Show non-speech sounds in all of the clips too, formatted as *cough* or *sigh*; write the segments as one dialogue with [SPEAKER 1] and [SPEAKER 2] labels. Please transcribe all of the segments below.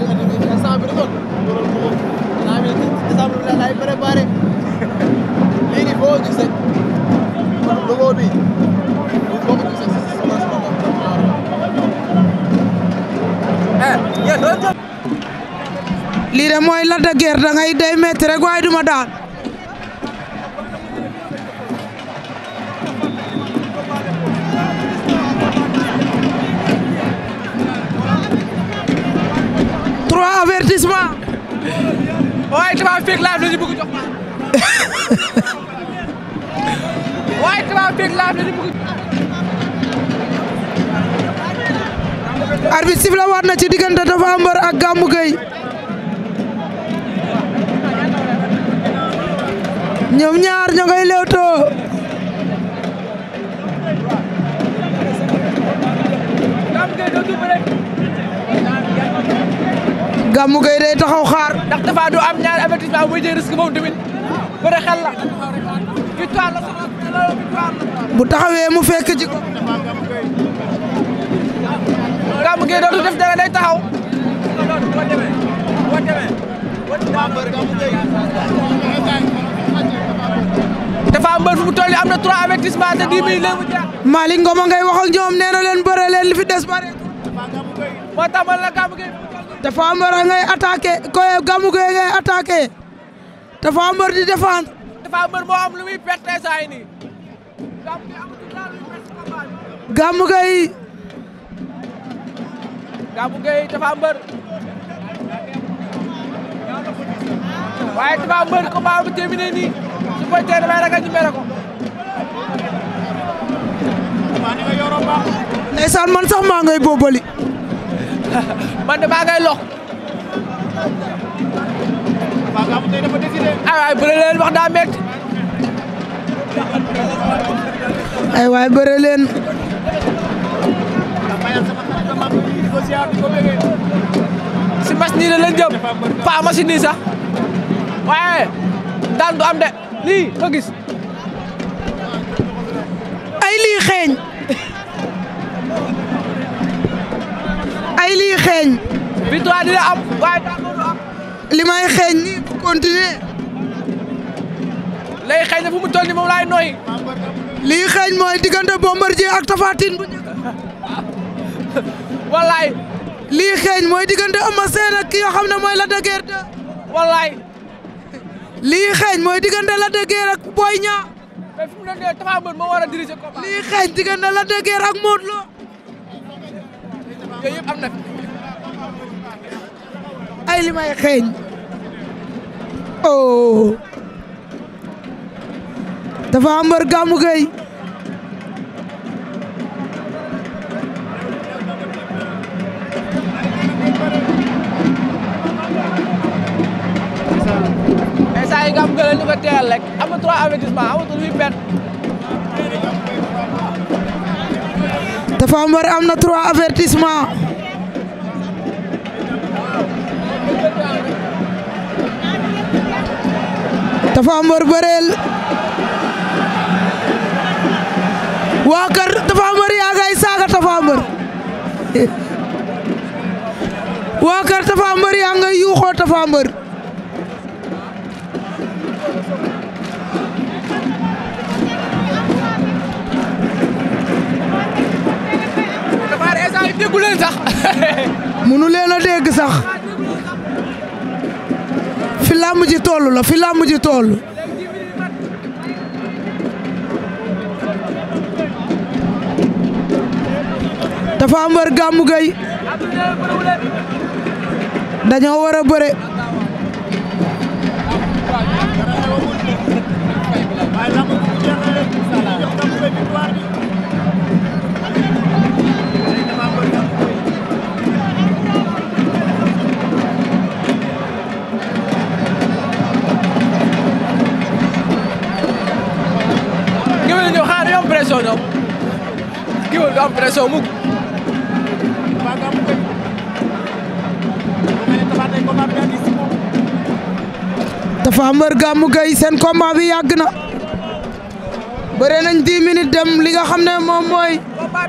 [SPEAKER 1] di
[SPEAKER 2] lii de mooy Lac de Guiers da day métti rek waaye du ma daan avertissement
[SPEAKER 1] waaye Tapha Fek live la ñu bëgg jox ma waaye
[SPEAKER 2] Tapha na ci diggante Tapha Mbeur ak ñoom ñaar ñoo ngay lewtoo Gamou Gamou Gueye day dafa am
[SPEAKER 1] ñaari avertissement
[SPEAKER 2] taxawee mu fekk ci ko. Gamou Gueye am na trois avertissement te dix minutes léegi ngay wax ak ñoom leen bëre li fi des bare. Tapha Mbeur ngay attaqué koy Gamou Gueye ngay attaqué Tapha Mbeur di défendre.
[SPEAKER 1] Tapha Mbeur moo am lu muy perte saa yi nii.
[SPEAKER 2] Gamou Gueye. Gamou
[SPEAKER 1] Gueye Tapha Mbeur. waaye Tapha Mbeur ko ba bu terminé nii su ko tee damay ragal ñu
[SPEAKER 2] man sax maa ngay boobali. *laughs* man de maa ngay lox. ay waay bëre leen wax daa ay waay bëre
[SPEAKER 1] si mas nii la leen jëm si nii waaye daan du de lii nga
[SPEAKER 2] ay lii xeeñ. ay lii xeeñ.
[SPEAKER 1] victoire dina am
[SPEAKER 2] am. li may xeeñ nii bu continuer. lay xeeñ ne fu mu toll nii moom laay nooy. lii mooy diggante Bombardier ak Tapha bu njëkk. wallaay. lii mooy diggante Eumeu Sène ak ki nga xam ne mooy Lac de Guiers wallaay. lii mooy diggante Lac de ak Boy Niang. mais diggante Lac de ak Modou yooyu ay li may xeeñ oh dafa am mbër Gamou Tapha Mbeur am na trois avertissement Tapha Mbeur bëreel waa kër Tapha Mbeur yaa ngay saaga Tapha Mbeur waa kër Tapha Mbeur yaa ngay yuuxoo Tapha déggu leen sax. *laughs* munu leen a dégg sax fi làmb ji toll la fi làmb ji toll. dafa am wër gay Gueye dañoo war a bëre.
[SPEAKER 1] géwél du am pression mukk
[SPEAKER 2] Tapha Mbeur Gamou seen combat bi yàgg na bëre nañ dix minutes dem li nga xam ne moom mooy combat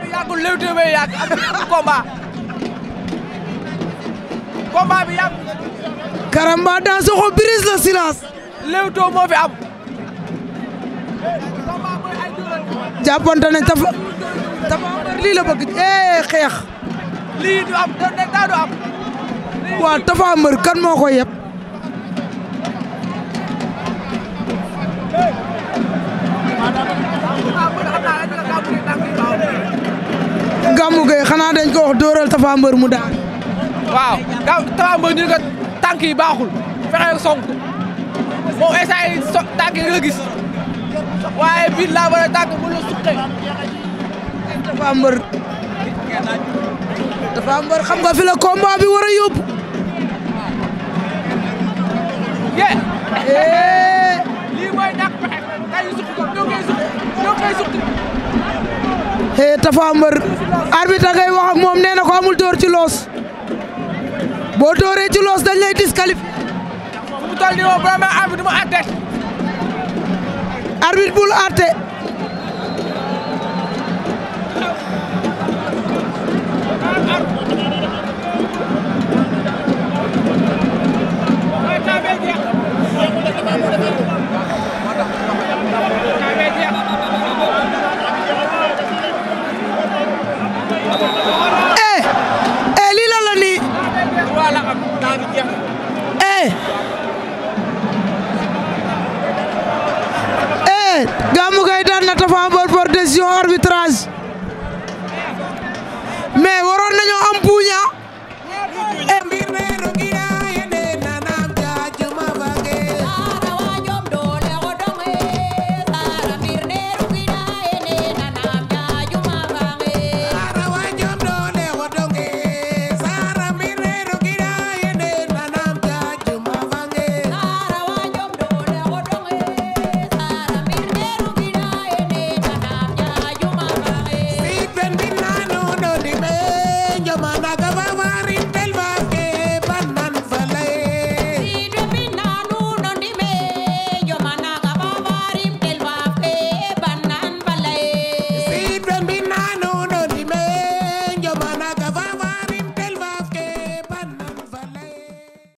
[SPEAKER 2] bi soxo brise le silence léew too moo fi am jàppante ne tafa tafa lii la bëgg eh xeex. lii du am daa du am. waaw tafa mbër kan moo ko yeb. Gamou Gueye xanaa dañ ko wax dóoral tafa mbër mu daan.
[SPEAKER 1] waaw daaw tafa mbër ñu ko tànk yi baaxul fexe sonk moom instant so tànk yi nga gis waaye biir laa war a tey.
[SPEAKER 2] dafa mbër. dafa mbër xam nga fi la combat war a yóbbu.
[SPEAKER 1] Eh. lii mooy dàq pexe day suqi ko doo koy
[SPEAKER 2] eh, wax moom nee na ko amul dóor ci loos boo tooree ci loos dañ lay disqualifié. mu toll nii moom vraiment arbitre mu àtte. arbitre bul àtte. Eh, eh, eh, Gamou Gueye daan na Tapha Mbeur par décision arbitre